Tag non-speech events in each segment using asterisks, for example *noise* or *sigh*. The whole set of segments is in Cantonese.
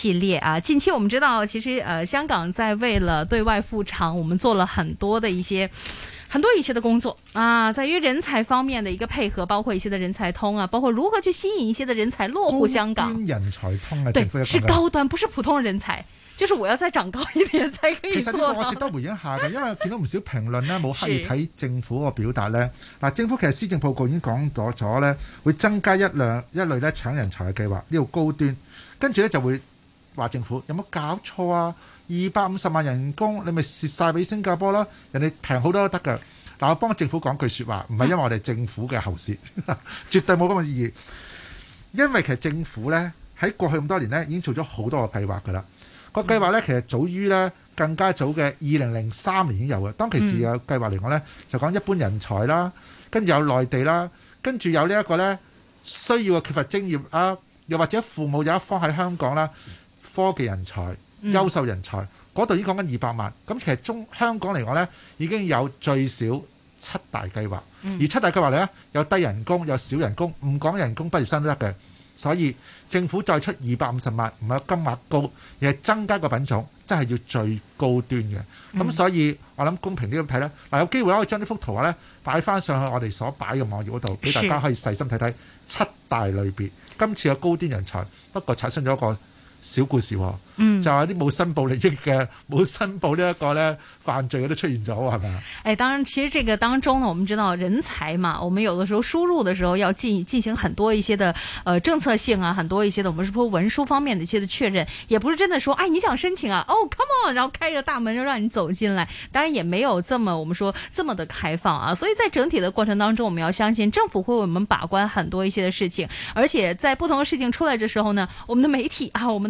系列啊！近期我們知道，其實呃，香港在為了對外復場，我們做了很多的一些很多一些的工作啊，在於人才方面的一個配合，包括一些的人才通啊，包括如何去吸引一些的人才落戶香港。高端人才通啊，對政府，是高端，不是普通人才，就是我要再長高一點才可以做的。其實我值得回應一下嘅， *laughs* 因為見到唔少評論咧，冇刻意睇政府個表達咧。嗱，政府其實施政報告已經講咗咗咧，會增加一兩一類咧搶人才嘅計劃，呢個高端，跟住咧就會。話政府有冇搞錯啊？二百五十萬人工，你咪蝕晒俾新加坡啦，人哋平好多都得㗎。嗱，我幫政府講句説話，唔係因為我哋政府嘅喉舌，絕對冇咁嘅意義。因為其實政府呢，喺過去咁多年呢，已經做咗好多個計劃㗎啦。個計劃呢，其實早於呢，更加早嘅二零零三年已經有嘅。當其時嘅計劃嚟講呢，就講一般人才啦，跟住有內地啦，跟住有呢一個呢，需要嘅缺乏專業啊，又或者父母有一方喺香港啦、啊。科技人才、優秀人才嗰度，嗯、已經講緊二百萬咁，那其實中香港嚟講呢，已經有最少七大計劃，嗯，而七大計劃嚟呢有低人工、有少人工、唔講人工畢業生都得嘅，所以政府再出二百五十萬唔係金額高，而係增加個品種，真係要最高端嘅。咁，嗯、所以我諗公平啲咁睇呢，嗱，有機會我可以將呢幅圖畫呢擺翻上去我哋所擺嘅網頁嗰度，俾大家可以細心睇睇七大類別今次有高端人才，不過產生咗一個。小故事，嗯、哦，就係啲冇申報利益嘅，冇、嗯、申報呢一個呢犯罪嘅都出現咗，係咪啊？誒、哎，當然，其實這個當中呢，我們知道人才嘛，我們有的時候輸入的時候要進進行很多一些的，呃，政策性啊，很多一些的，我們是不是文書方面的一些的確認，也不是真的說，哎，你想申請啊，哦、oh,，come on，然後開一個大門就讓你走進來。當然也沒有這麼我們說這麼的開放啊，所以在整體的過程當中，我們要相信政府會為我們把關很多一些的事情，而且在不同的事情出來的時候呢，我們的媒體啊，我們。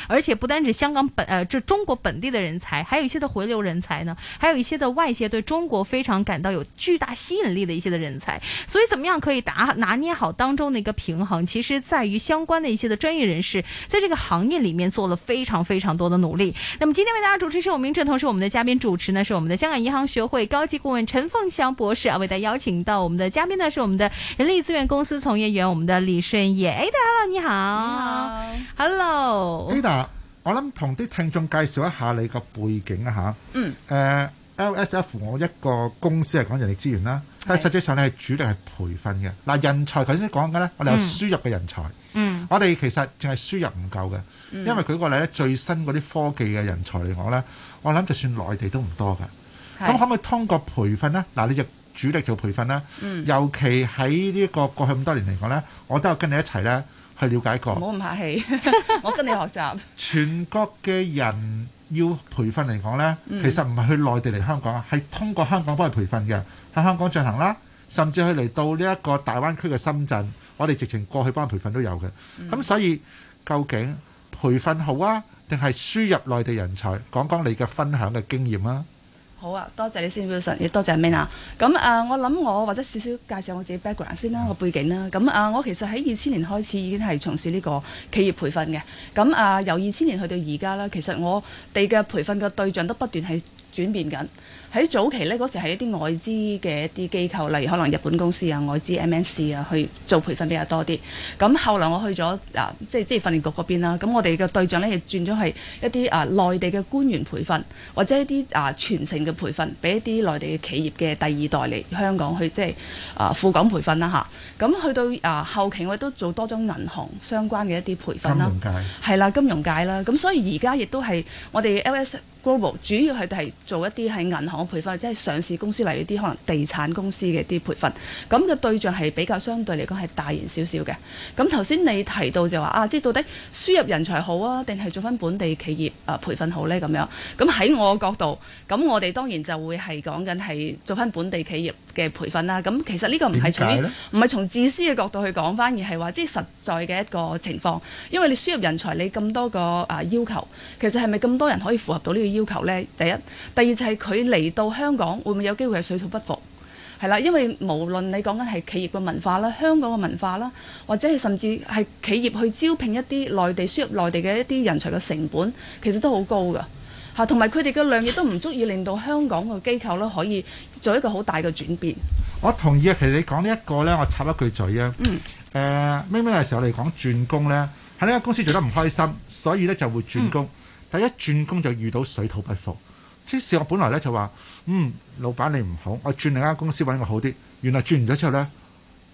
而且不單止香港本呃、這中國本地的人才，還有一些的回流人才呢，還有一些的外界對中國非常感到有巨大吸引力的一些的人才。所以怎麼樣可以打拿捏好當中的一個平衡，其實在於相關的一些的專業人士在這個行業裏面做了非常非常多的努力。那麼今天為大家主持是我們正同事，我們的嘉賓主持呢是我們的香港銀行學會高級顧問陳鳳祥博士啊，為大家邀請到我們的嘉賓呢是我們的人力資源公司從業員我們的李順意。哎，大家好，你好，你好，Hello、okay.。啊、我諗同啲聽眾介紹一下你個背景啊吓，嗯，誒、呃、，LSF 我一個公司係講人力資源啦，但係實際上你係主力係培訓嘅，嗱、啊、人才頭先講緊咧，我哋有輸入嘅人才，嗯，我哋其實淨係輸入唔夠嘅，因為舉個例咧，最新嗰啲科技嘅人才嚟講咧，我諗就算內地都唔多噶，咁可唔可以通過培訓咧？嗱、啊，你就主力做培訓啦，嗯，尤其喺呢個過去咁多年嚟講咧，我都有跟你一齊咧。去了解過，唔好咁客氣，我跟你學習。 *laughs* 全國嘅人要培訓嚟講呢，其實唔係去內地嚟香港啊，係通過香港幫佢培訓嘅，喺香港進行啦，甚至去嚟到呢一個大灣區嘅深圳，我哋直情過去幫佢培訓都有嘅。咁所以究竟培訓好啊，定係輸入內地人才？講講你嘅分享嘅經驗啊！好啊，多謝你先，Wilson，亦多謝 Mina。咁啊，我諗我或者少少介紹我自己 background 先啦，我背景啦。咁啊，我其實喺二千年開始已經係從事呢個企業培訓嘅。咁啊，由二千年去到而家啦，其實我哋嘅培訓嘅對象都不斷係轉變緊。喺早期呢，嗰時係一啲外資嘅一啲機構，例如可能日本公司啊、外資 MNC 啊，去做培訓比較多啲。咁後嚟我去咗啊，即係即係訓練局嗰邊啦。咁我哋嘅對象呢，亦轉咗係一啲啊內地嘅官員培訓，或者一啲啊全程嘅培訓，俾一啲內地嘅企業嘅第二代嚟香港去即係啊赴港培訓啦吓，咁、啊、去到啊後期，我哋都做多種銀行相關嘅一啲培訓啦。金融界係啦，金融界啦。咁所以而家亦都係我哋 LS。Global, 主要係係做一啲喺銀行培訓，即係上市公司例如啲可能地產公司嘅啲培訓，咁嘅對象係比較相對嚟講係大型少少嘅。咁頭先你提到就話：「啊，即係到底輸入人才好啊，定係做翻本地企業啊培訓好呢？」咁樣？咁喺我角度，咁我哋當然就會係講緊係做翻本地企業嘅培訓啦。咁其實呢個唔係從唔係從自私嘅角度去講翻，而係話即係實在嘅一個情況，因為你輸入人才你咁多個啊要求，其實係咪咁多人可以符合到呢個？要求呢，第一，第二就係佢嚟到香港會唔會有機會係水土不服？係啦，因為無論你講緊係企業嘅文化啦、香港嘅文化啦，或者係甚至係企業去招聘一啲內地輸入內地嘅一啲人才嘅成本，其實都好高噶嚇，同埋佢哋嘅量亦都唔足以令到香港嘅機構咧可以做一個好大嘅轉變。我同意啊，其實你講呢一個呢，我插一句嘴啊。嗯。誒、呃，明明嘅時候我哋講轉工呢，喺呢間公司做得唔開心，所以呢就會轉工。嗯。第一轉工就遇到水土不服，即使我本來咧就話，嗯，老闆你唔好，我轉另一間公司揾個好啲。原來轉完咗之後呢，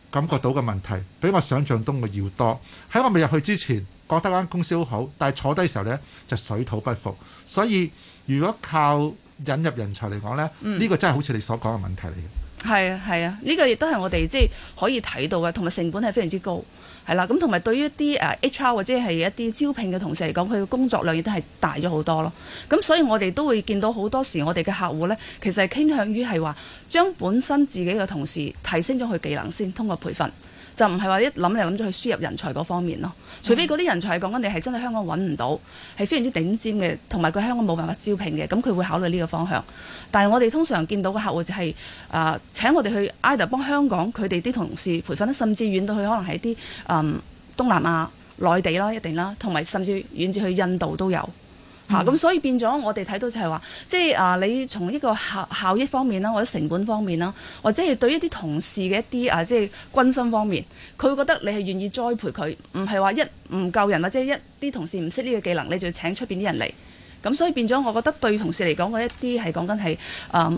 感覺到嘅問題比我想象中嘅要多。喺我未入去之前，覺得間公司好好，但係坐低時候呢，就水土不服。所以如果靠引入人才嚟講呢，呢、嗯、個真係好似你所講嘅問題嚟嘅。係啊係啊，呢個亦都係我哋即係可以睇到嘅，同埋成本係非常之高，係啦，咁同埋對於一啲誒 HR 或者係一啲招聘嘅同事嚟講，佢嘅工作量亦都係大咗好多咯。咁所以我哋都會見到好多時，我哋嘅客戶呢，其實係傾向於係話將本身自己嘅同事提升咗佢技能先，通過培訓。就唔係話一諗嚟諗咗去輸入人才嗰方面咯。除非嗰啲人才係講緊你係真係香港揾唔到，係非常之頂尖嘅，同埋佢香港冇辦法招聘嘅，咁佢會考慮呢個方向。但係我哋通常見到嘅客戶就係、是、啊、呃、請我哋去 i d 幫香港佢哋啲同事培訓，甚至遠到去可能係啲嗯東南亞、內地啦一定啦，同埋甚至遠至去印度都有。咁、啊、所以變咗，我哋睇到就係話，即、就、係、是、啊，你從一個效效益方面啦，或者成本方面啦，或者係對一啲同事嘅一啲啊，即、就、係、是、軍心方面，佢覺得你係願意栽培佢，唔係話一唔夠人，或者一啲同事唔識呢個技能，你就要請出面啲人嚟。咁所以變咗，我覺得對同事嚟講，嗰一啲係講緊係啊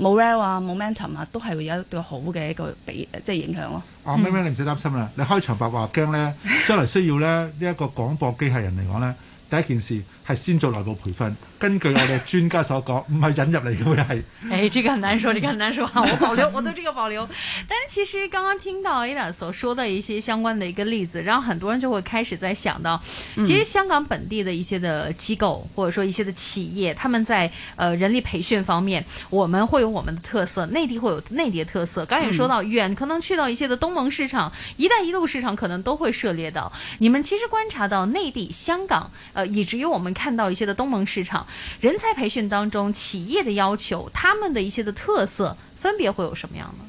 morale 啊，啊，momentum 啊，都係會有一個好嘅一個比即係、就是、影響咯。啊，咩咩，你唔使擔心啦，你開場白話驚咧，將來需要咧呢一 *laughs* 個廣播機械人嚟講咧。第一件事係先做內部培訓，根據我哋專家所講，唔 *laughs* 係引入嚟嘅，係。誒、哎，這個很難說，這個很難說啊！ *laughs* 我保留，我對這個保留。但係其實剛剛聽到 Ada 所說的一些相關的一個例子，然後很多人就會開始在想到，其實香港本地的一些的機構，或者說一些的企業，他們在呃人力培訓方面，我們會有我們的特色，內地會有內地的特色。剛才說到遠，可能去到一些的東盟市場、一帶一路市場，可能都會涉獵到。你們其實觀察到內地、香港。以至於我們看到一些的東盟市場人才培訓當中，企業的要求，他們的一些的特色，分別會有什麼樣呢？誒、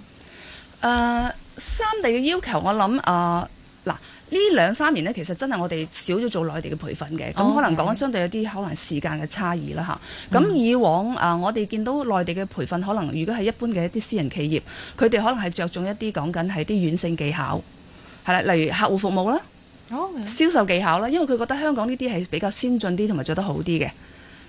呃，三地嘅要求，我諗誒，嗱、呃、呢兩三年呢，其實真係我哋少咗做內地嘅培訓嘅，咁、okay. 可能講得相對有啲可能時間嘅差異啦吓。咁、嗯、以往、呃、我哋見到內地嘅培訓，可能如果係一般嘅一啲私人企業，佢哋可能係着重一啲講緊係啲軟性技巧，係啦，例如客戶服務啦。Oh, yeah. 銷售技巧啦，因為佢覺得香港呢啲係比較先進啲同埋做得好啲嘅，係、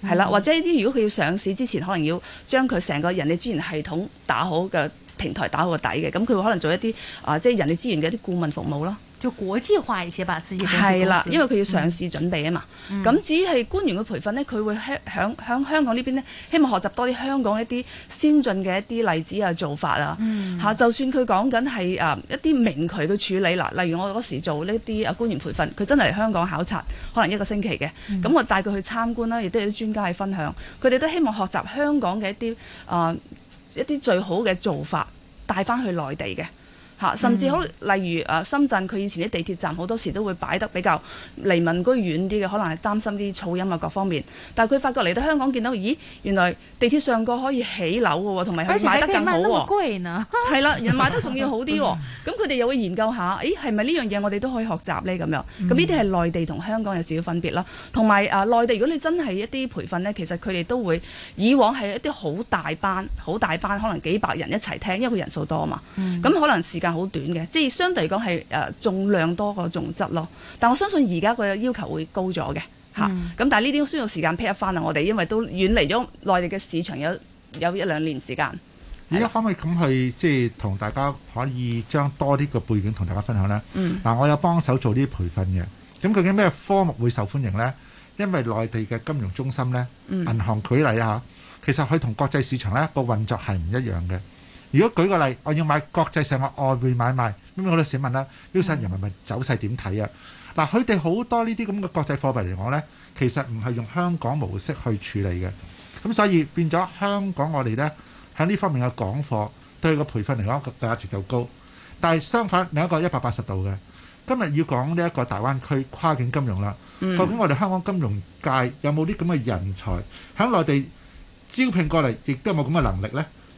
mm-hmm. 啦，或者呢啲如果佢要上市之前，可能要將佢成個人力資源系統打好嘅平台，打好個底嘅，咁佢會可能做一啲啊，即係人力資源嘅一啲顧問服務咯。就國際化一些吧，自己係係啦，因為佢要上市準備啊嘛。咁、嗯嗯、至於係官員嘅培訓呢，佢會喺響香港呢邊呢，希望學習多啲香港一啲先進嘅一啲例子啊、做法、嗯、啊。就算佢講緊係、呃、一啲明渠嘅處理啦、呃，例如我嗰時做呢啲啊官員培訓，佢真係嚟香港考察，可能一個星期嘅，咁、嗯、我帶佢去參觀啦，亦都有啲專家去分享，佢哋都希望學習香港嘅一啲、呃、一啲最好嘅做法，帶翻去內地嘅。甚至好例如誒深圳，佢以前啲地鐵站好多時都會擺得比較離民居遠啲嘅，可能係擔心啲噪音啊各方面。但係佢發覺嚟到香港見到，咦，原來地鐵上個可以起樓嘅，同埋佢賣得更好喎。而且賣得咁貴嗱。係啦，人賣得仲要好啲喎。咁佢哋又會研究下，誒係咪呢樣嘢我哋都可以學習咧咁樣，咁呢啲係內地同香港有少少分別啦。同埋誒內地如果你真係一啲培訓咧，其實佢哋都會以往係一啲好大班、好大班，可能幾百人一齊聽，因為佢人數多啊嘛。咁、嗯、可能時間。好短嘅，即係相對嚟講係誒重量多過重質咯。但我相信而家佢嘅要求會高咗嘅吓。咁、嗯啊、但係呢啲需要時間撇一翻啦。我哋因為都遠離咗內地嘅市場有有一兩年時間。而家可唔可以咁去即係同大家可以將多啲個背景同大家分享呢？嗱、嗯，我有幫手做啲培訓嘅。咁究竟咩科目會受歡迎呢？因為內地嘅金融中心呢，銀、嗯、行舉例啊，其實佢同國際市場呢個運作係唔一樣嘅。如果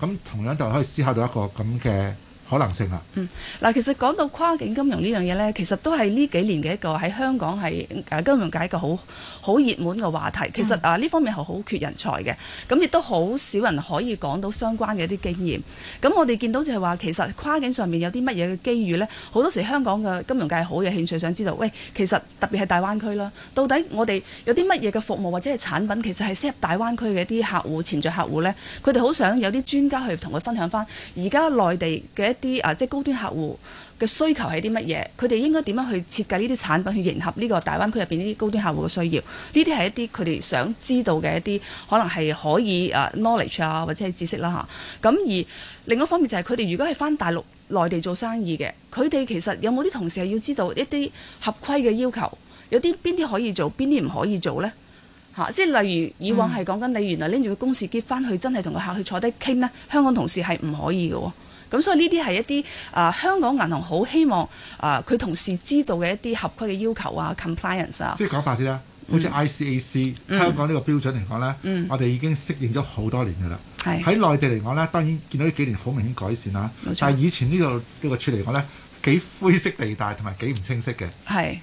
咁同樣就可以思考到一個咁嘅。可能性啊！嗯，嗱，其實講到跨境金融呢樣嘢呢，其實都係呢幾年嘅一個喺香港係金融界一個好好熱門嘅話題。其實啊，呢方面係好缺人才嘅，咁亦都好少人可以講到相關嘅一啲經驗。咁我哋見到就係話，其實跨境上面有啲乜嘢嘅機遇呢？好多時香港嘅金融界好有興趣想知道，喂，其實特別係大灣區啦，到底我哋有啲乜嘢嘅服務或者係產品，其實係適合大灣區嘅一啲客戶，潛在客戶呢？佢哋好想有啲專家去同佢分享翻，而家內地嘅啲啊，即係高端客戶嘅需求係啲乜嘢？佢哋應該點樣去設計呢啲產品去迎合呢個大灣區入邊呢啲高端客戶嘅需要？呢啲係一啲佢哋想知道嘅一啲，可能係可以啊 knowledge 啊或者係知識啦、啊、嚇。咁而另一方面就係佢哋如果係翻大陸內地做生意嘅，佢哋其實有冇啲同事係要知道一啲合規嘅要求？有啲邊啲可以做，邊啲唔可以做呢？嚇、啊！即係例如以往係講緊你原來拎住個公事機翻去，真係同個客去坐低傾呢，香港同事係唔可以嘅喎、啊。咁、嗯、所以呢啲係一啲啊、呃，香港銀行好希望啊，佢、呃、同事知道嘅一啲合規嘅要求啊，compliance 啊。Compliance，即係講白啲啦，好似 ICAC 香港呢個標準嚟講咧，我哋已經適應咗好多年噶啦。喺內地嚟講咧，當然見到呢幾年好明顯改善啦。但係以前呢、呢個呢、呢個處嚟講咧，幾灰色地帶同埋幾唔清晰嘅。係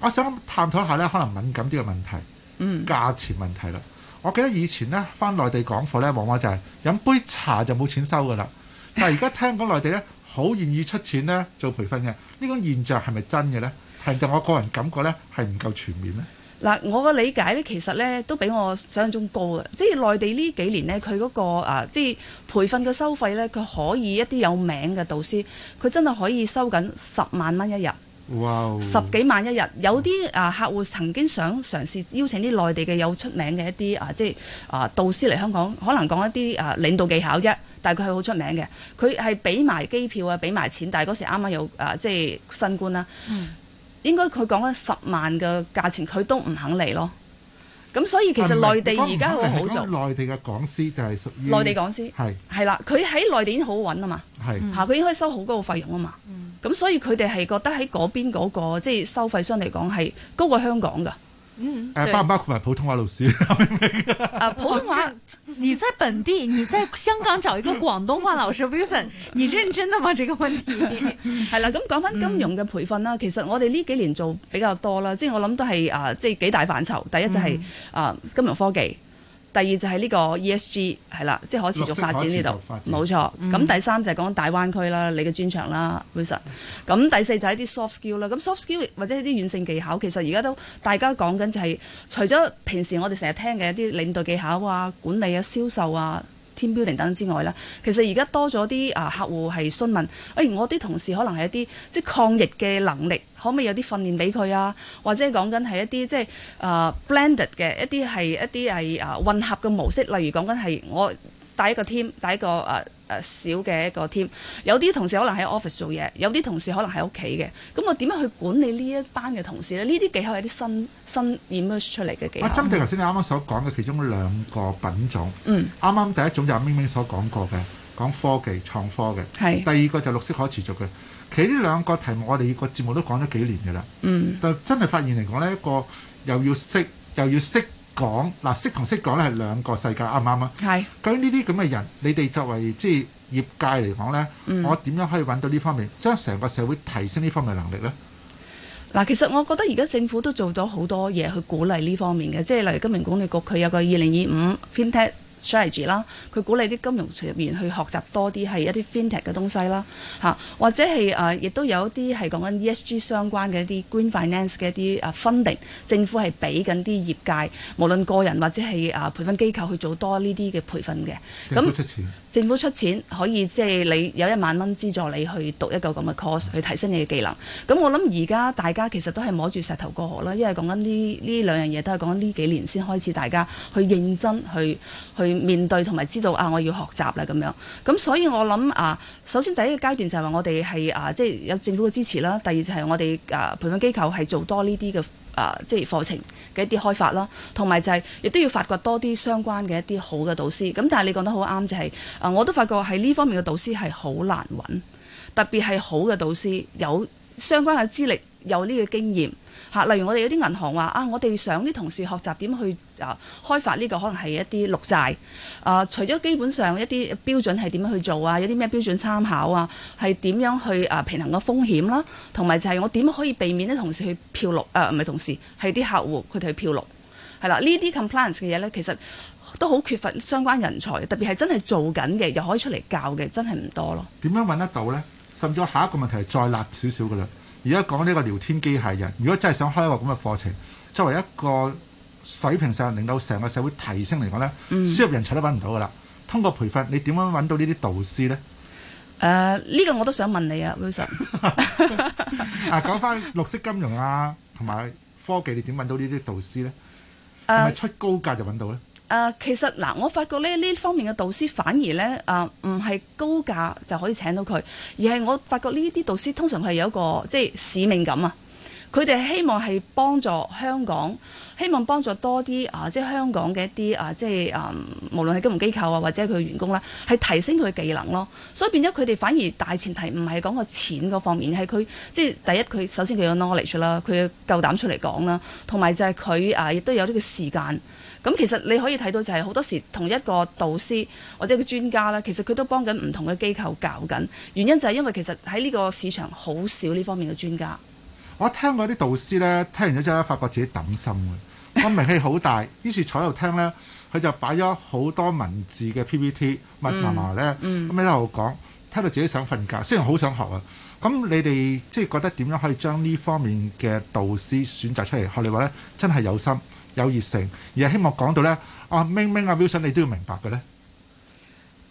我想探討一下咧，可能敏感啲嘅問題，嗯，價錢問題啦。我記得以前咧，翻內地講貨咧，往往就係、是、飲杯茶就冇錢收噶啦。 *laughs* 但而家聽講內地呢，好願意出錢呢做培訓嘅，呢個現象係咪真嘅呢？係定我個人感覺呢，係唔夠全面呢。嗱，我嘅理解呢，其實呢都比我想像中高嘅，即係內地呢幾年呢，佢嗰個啊，即係培訓嘅收費呢，佢可以一啲有名嘅導師，佢真係可以收緊十萬蚊一日。Wow. 十幾萬一日，有啲啊客戶曾經想嘗試邀請啲內地嘅有出名嘅一啲啊，即係啊導師嚟香港，可能講一啲啊領導技巧啫。但係佢係好出名嘅，佢係俾埋機票啊，俾埋錢。但係嗰時啱啱有啊，即係新冠啦、嗯。嗯。應該佢講緊十萬嘅價錢，佢都唔肯嚟咯。咁所以其實內地而家會好做。內地嘅講師就係屬於內地講師。係係是啦，佢喺內地已經好揾啊嘛。係佢是、嗯、應該收好高嘅費用啊嘛。嗯咁、嗯、所以佢哋係覺得喺嗰邊嗰、嗰個即係收費商嚟講係高過香港㗎，誒包唔包括埋普通話老師？啊，普通話、啊，你在本地，你在香港找一個廣東話老師 Wilson， *laughs* 你認真的嗎？這個問題係、嗯、啦，咁講返金融嘅培訓啦，其實我哋呢幾年做比較多啦、呃，即係我諗都係誒，即係幾大範疇，第一就係、是、誒、嗯啊、金融科技。第二就係呢個 ESG 係啦，即係可持續發展呢度，冇錯。咁、嗯、第三就係講大灣區啦，你嘅專長啦，會、嗯、實。咁第四就係一啲 soft skill 啦，咁 soft skill 或者係啲軟性技巧，其實而家都大家講緊就係除咗平時我哋成日聽嘅一啲領導技巧啊、管理啊、銷售啊。Team building 等等之外啦，其實而家多咗啲啊，客戶係詢問，誒、哎，我啲同事可能係一啲即係抗疫嘅能力，可唔可以有啲訓練俾佢啊？或者係講緊係一啲即係啊、uh，blended 嘅一啲係一啲係啊，混合嘅模式，例如講緊係我。第一個 team，第一個誒誒小嘅一個 team。有啲同事可能喺 office 做嘢，有啲同事可能喺屋企嘅。咁我點樣去管理呢一班嘅同事咧？呢啲技巧係啲新新演繹出嚟嘅技巧。啊，針對頭先你啱啱所講嘅其中兩個品種，嗯，啱啱第一種就阿明明所講過嘅，講科技創科嘅，係。第二個就係綠色可持續嘅。其實呢兩個題目我哋個節目都講咗幾年㗎啦，嗯。但真係發現嚟講呢一個又要識又要識。講嗱識同識講咧係兩個世界啱唔啱啊？係，究竟呢啲咁嘅人，你哋作為即係業界嚟講咧，我點樣可以揾到呢方面，將成個社會提升呢方面能力咧？嗱，其實我覺得而家政府都做咗好多嘢去鼓勵呢方面嘅，即係例如金融管理局佢有個二零二五 Fintech strategy 啦，佢鼓勵啲金融人員去學習多啲係一啲 fintech 嘅東西啦，嚇或者係誒亦都有一啲係講緊 ESG 相關嘅一啲 green finance 嘅一啲誒、啊、funding，政府係俾緊啲業界無論個人或者係誒、啊、培訓機構去做多呢啲嘅培訓嘅，咁。政府出錢可以即係、就是、你有一萬蚊資助你去讀一個咁嘅 course 去提升你嘅技能。咁我諗而家大家其實都係摸住石頭過河啦，因為講緊呢呢兩樣嘢都係講緊呢幾年先開始大家去認真去去面對，同埋知道啊我要學習啦咁樣。咁所以我諗啊，首先第一個階段就係話我哋係啊即係、就是、有政府嘅支持啦。第二就係我哋啊培訓機構係做多呢啲嘅。誒，即係課程嘅一啲開發啦，同埋就係亦都要發掘多啲相關嘅一啲好嘅導師。咁但係你講得好啱，就係，誒，我都發覺喺呢方面嘅導師係好難揾，特別係好嘅導師，有相關嘅資歷，有呢個經驗。例如我哋有啲銀行話啊，我哋想啲同事學習點去啊開發呢個可能係一啲綠債啊，除咗基本上一啲標準係點樣去做啊，有啲咩標準參考啊，係點樣去啊平衡個風險啦，同埋就係我點可以避免啲同事去漂綠啊？唔係同事係啲客戶佢哋去漂綠，係啦，呢啲 compliance 嘅嘢呢，其實都好缺乏相關人才，特別係真係做緊嘅又可以出嚟教嘅，真係唔多咯。點樣揾得到呢？甚至下一個問題再辣少少嘅啦。而家講呢個聊天機械人，如果真係想開一個咁嘅課程，作為一個水平上令到成個社會提升嚟講咧、嗯，輸入人才都揾唔到噶啦。通過培訓，你點樣揾到呢啲導師咧？誒，呢個我都想問你啊，Wilson。 *laughs* *laughs* 啊，講返綠色金融啊，同埋科技，你點揾到，uh, 到呢啲導師咧？係咪出高價就揾到咧？誒、呃、其實嗱，我發覺咧呢方面嘅導師反而咧誒唔係高價就可以請到佢，而係我發覺呢啲導師通常係有一個即係、就是、使命感啊！佢哋希望係幫助香港，希望幫助多啲啊，即係香港嘅一啲啊，即係誒、啊，無論係金融機構啊或者佢嘅員工啦，係提升佢嘅技能咯。所以變咗佢哋反而大前提唔係講個錢嗰方面，係佢即係第一佢首先佢有 knowledge 啦，佢夠膽出嚟講啦，同埋就係佢誒亦都有呢個時間。咁其實你可以睇到就係好多時同一個導師或者個專家呢，其實佢都幫緊唔同嘅機構搞緊。原因就係因為其實喺呢個市場好少呢方面嘅專家。我聽過啲導師呢，聽完咗之後咧，發覺自己抌心啊！我名氣好大， *laughs* 於是坐喺度聽呢，佢就擺咗好多文字嘅 PPT，密麻麻呢。咁喺度講，聽到自己想瞓覺，雖然好想學啊。咁你哋即係覺得點樣可以將呢方面嘅導師選擇出嚟？學你話咧，真係有心有熱誠，而係希望講到咧，阿、啊、明明阿表叔你哋都要明白嘅咧。誒、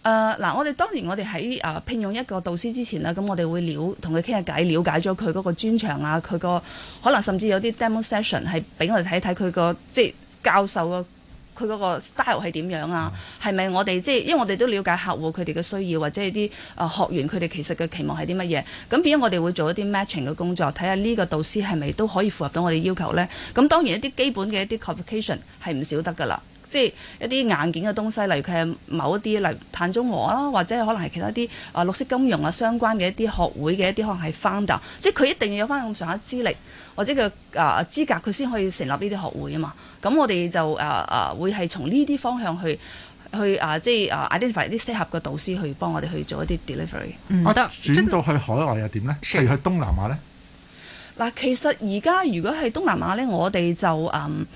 呃、嗱，我哋當然我哋喺誒聘用一個導師之前咧，咁我哋會了同佢傾下偈，了解咗佢嗰個專長啊，佢個可能甚至有啲 demo session 係俾我哋睇睇佢個即係教授個、啊。佢嗰個 style 係點樣啊？係咪我哋即係因為我哋都了解客戶佢哋嘅需要，或者係啲誒學員佢哋其實嘅期望係啲乜嘢？咁變咗我哋會做一啲 matching 嘅工作，睇下呢個導師係咪都可以符合到我哋要求呢？咁當然一啲基本嘅一啲 qualification 係唔少得㗎啦。即係一啲硬件嘅東西，例如佢係某一啲，例如碳中和啦，或者可能係其他啲啊綠色金融啊相關嘅一啲學會嘅一啲，可能係 founder，即係佢一定要有翻咁上下資歷或者佢啊資格，佢先可以成立呢啲學會啊嘛。咁我哋就啊啊會係從呢啲方向去去啊，即係啊 identify 啲適合嘅導師去幫我哋去做一啲 delivery。我、嗯、覺得、啊就是、轉到去海外又點咧？譬如去東南亞咧？嗱，其實而家如果係東南亞咧，我哋就嗯。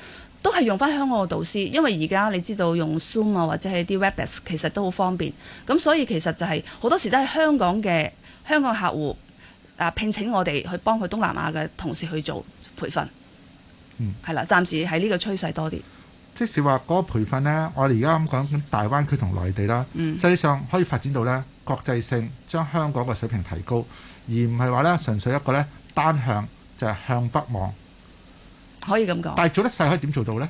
都係用翻香港嘅導師，因為而家你知道用 Zoom 啊或者係啲 Webex 其實都好方便，咁所以其實就係、是、好多時都係香港嘅香港客戶啊聘請我哋去幫佢東南亞嘅同事去做培訓，嗯，係啦，暫時喺呢個趨勢多啲。即使話嗰個培訓呢，我哋而家咁講，咁大灣區同內地啦，實、嗯、際上可以發展到呢國際性，將香港嘅水平提高，而唔係話呢，純粹一個呢單向就係、是、向北望。可以咁講，但做得細可以點做到呢？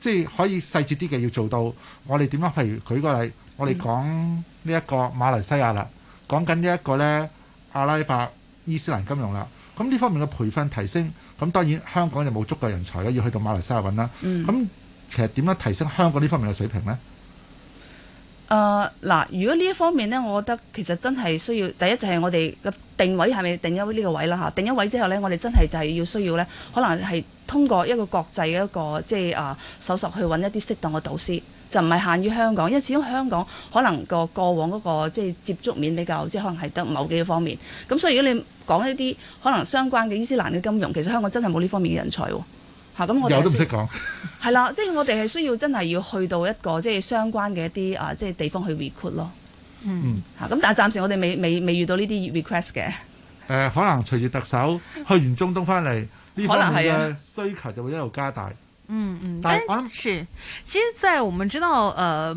即係可以細節啲嘅要做到，我哋點樣？譬如舉個例，我哋講呢一個馬來西亞啦，講緊呢一個呢阿拉伯伊斯蘭金融啦。咁呢方面嘅培訓提升，咁當然香港就冇足夠人才咧，要去到馬來西亞揾啦。咁、嗯、其實點樣提升香港呢方面嘅水平呢？誒、呃、嗱，如果呢一方面呢，我覺得其實真係需要第一就係我哋個定位係咪定咗呢個位啦嚇？定一位之後呢，我哋真係就係要需要呢，可能係通過一個國際嘅一個即係啊搜索去揾一啲適當嘅導師，就唔係限於香港，因為始終香港可能個過往嗰、那個即係接觸面比較即係可能係得某幾個方面，咁所以如果你講一啲可能相關嘅伊斯蘭嘅金融，其實香港真係冇呢方面嘅人才喎、哦。嚇、嗯、咁我哋係，係啦， *laughs* 即、就、係、是、我哋係需要真係要去到一個即係、就是、相關嘅一啲啊，即、就、係、是、地方去 request 咯。嗯，嚇、嗯、咁、嗯，但係暫時我哋未未未遇到呢啲 request 嘅。誒、呃，可能隨住特首去完中東翻嚟，呢方面嘅需求就會一路加大。嗯嗯、啊，但係其實即係我唔知道，誒、呃。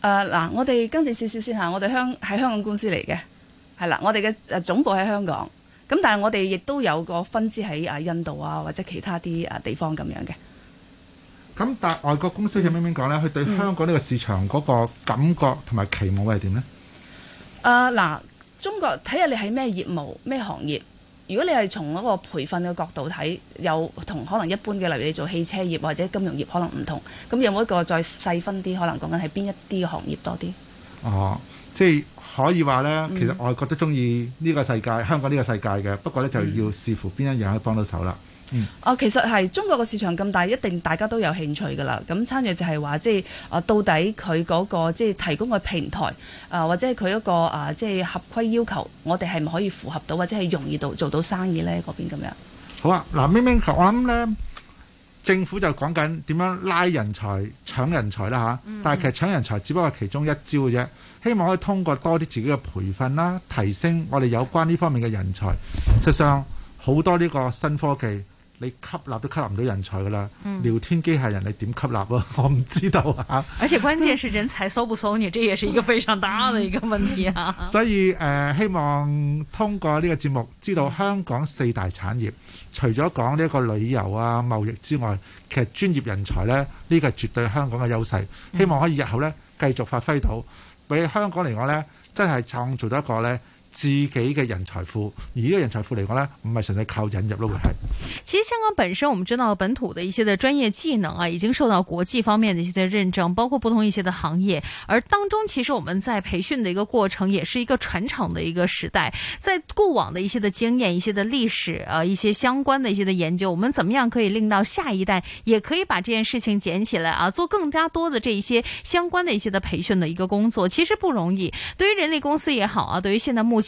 誒、呃、嗱，我哋跟住少少先嚇，我哋香喺香港公司嚟嘅。係啦，我哋嘅誒總部喺香港，咁但係我哋亦都有個分支喺啊印度啊或者其他啲誒地方咁樣嘅。咁但係外國公司有咩咩講咧？佢、嗯、對香港呢個市場嗰個感覺同埋期望係點咧？誒、呃、嗱，中國睇下你係咩業務咩行業。如果你係從一個培訓嘅角度睇，有同可能一般嘅，例如你做汽車業或者金融業可能唔同，咁有冇一個再細分啲？可能講緊係邊一啲行業多啲？哦，即係可以話呢、嗯。其實外國都中意呢個世界，嗯、香港呢個世界嘅，不過呢，就要視乎邊一樣可以幫到手啦。嗯。嗯、啊，其實係中國嘅市場咁大，一定大家都有興趣㗎啦。咁參與就係話，即係啊，到底佢嗰、嗰個即係提供嘅平台啊，或者係佢嗰個啊，即係合規要求，我哋係唔可以符合到，或者係容易到做到生意呢？嗰邊咁樣。好啊，嗱，明明我諗呢政府就講緊點樣拉人才、搶人才啦嚇、啊嗯嗯。但係其實搶人才只不過係其中一招嘅啫，希望可以通過多啲自己嘅培訓啦，提升我哋有關呢方面嘅人才。實上好多呢個新科技。你吸納都吸納唔到人才噶啦，嗯！聊天機械人你點吸納啊？我唔知道啊！而且關鍵是人才 *laughs* 收不收你，這也是一個非常大的一個問題啊！ *laughs* 所以、呃、希望通過呢個節目，知道香港四大產業，除咗講呢個旅遊啊、貿易之外，其實專業人才呢，呢、呢個係絕對香港嘅優勢。希望可以日後呢繼續發揮到，俾香港嚟講呢，真係創造咗一個呢。自己嘅人才庫，而呢個人才庫嚟講呢，唔係純粹靠引入咯，會係，其實香港本身，我們知道本土的一些的專業技能啊，已經受到國際方面的一些的認證，包括不同一些的行業。而當中其實我們在培訓的一個過程，也是一個傳承的一個時代。在過往的一些的經驗、一些的歷史啊、一些相關的一些的研究，我們怎麼樣可以令到下一代也可以把這件事情撿起來啊，做更加多的這一些相關的一些的培訓的一個工作，其實不容易。對於人力公司也好啊，對於現在目前。